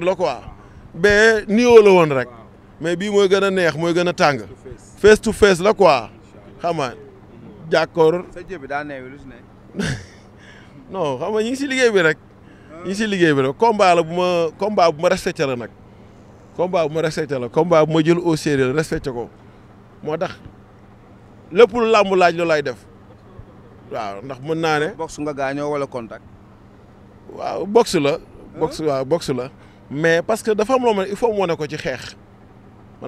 la quoi bee niyoo la woon rek mais bii mooy gën a neex mooy gën a tàng face to face la quoi xama nga jàkkoor non xam nga si liggéey bi rek ñu si liggéey bi rek combat la bu ma combat bu ma la nag combat bu ma respecté la combat bu ma jël au sérieux respecté ko moo tax lépp lu làmb laaj lu lay def waaw ndax mën naa ne box nga gaañoo wala contact waaw box la box la mais parce que de am il faut que ko ci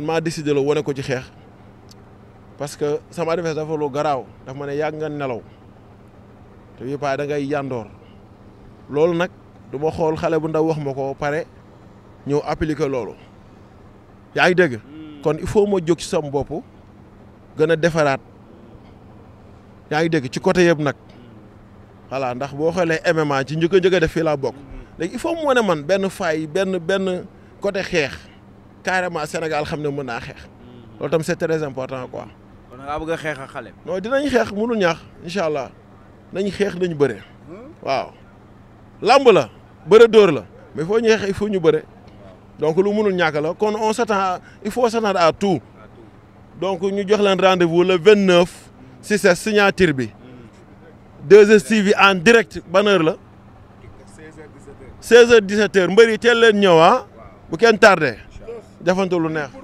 man décidé la woné ko ci parce que sama adversaire dafa lo graw dafa ma ne nga nelaw te pas paa da ngay de loolu nak duma xol xalé bu ndaw wax pare appliquer yaay dégg. Hmm. kon il faut mo jog ci sama gëna yaay dégg ci côté nak hmm. voilà ndax MMA ci il faut que man faille ben ben côté carrément Sénégal je hmm. c'est très important quoi. on a ak non dinañ faut mënul nañ hmm? mais il faut ñu donc lu mënul ñàkk la on s'attend il faut à tout donc nous avons un rendez-vous le 29 si à signature bi 2 hmm. en direct heure 16 heures 17 heures mbëri teel leen ñëw ah bu kenn tardé jafantu lu neex.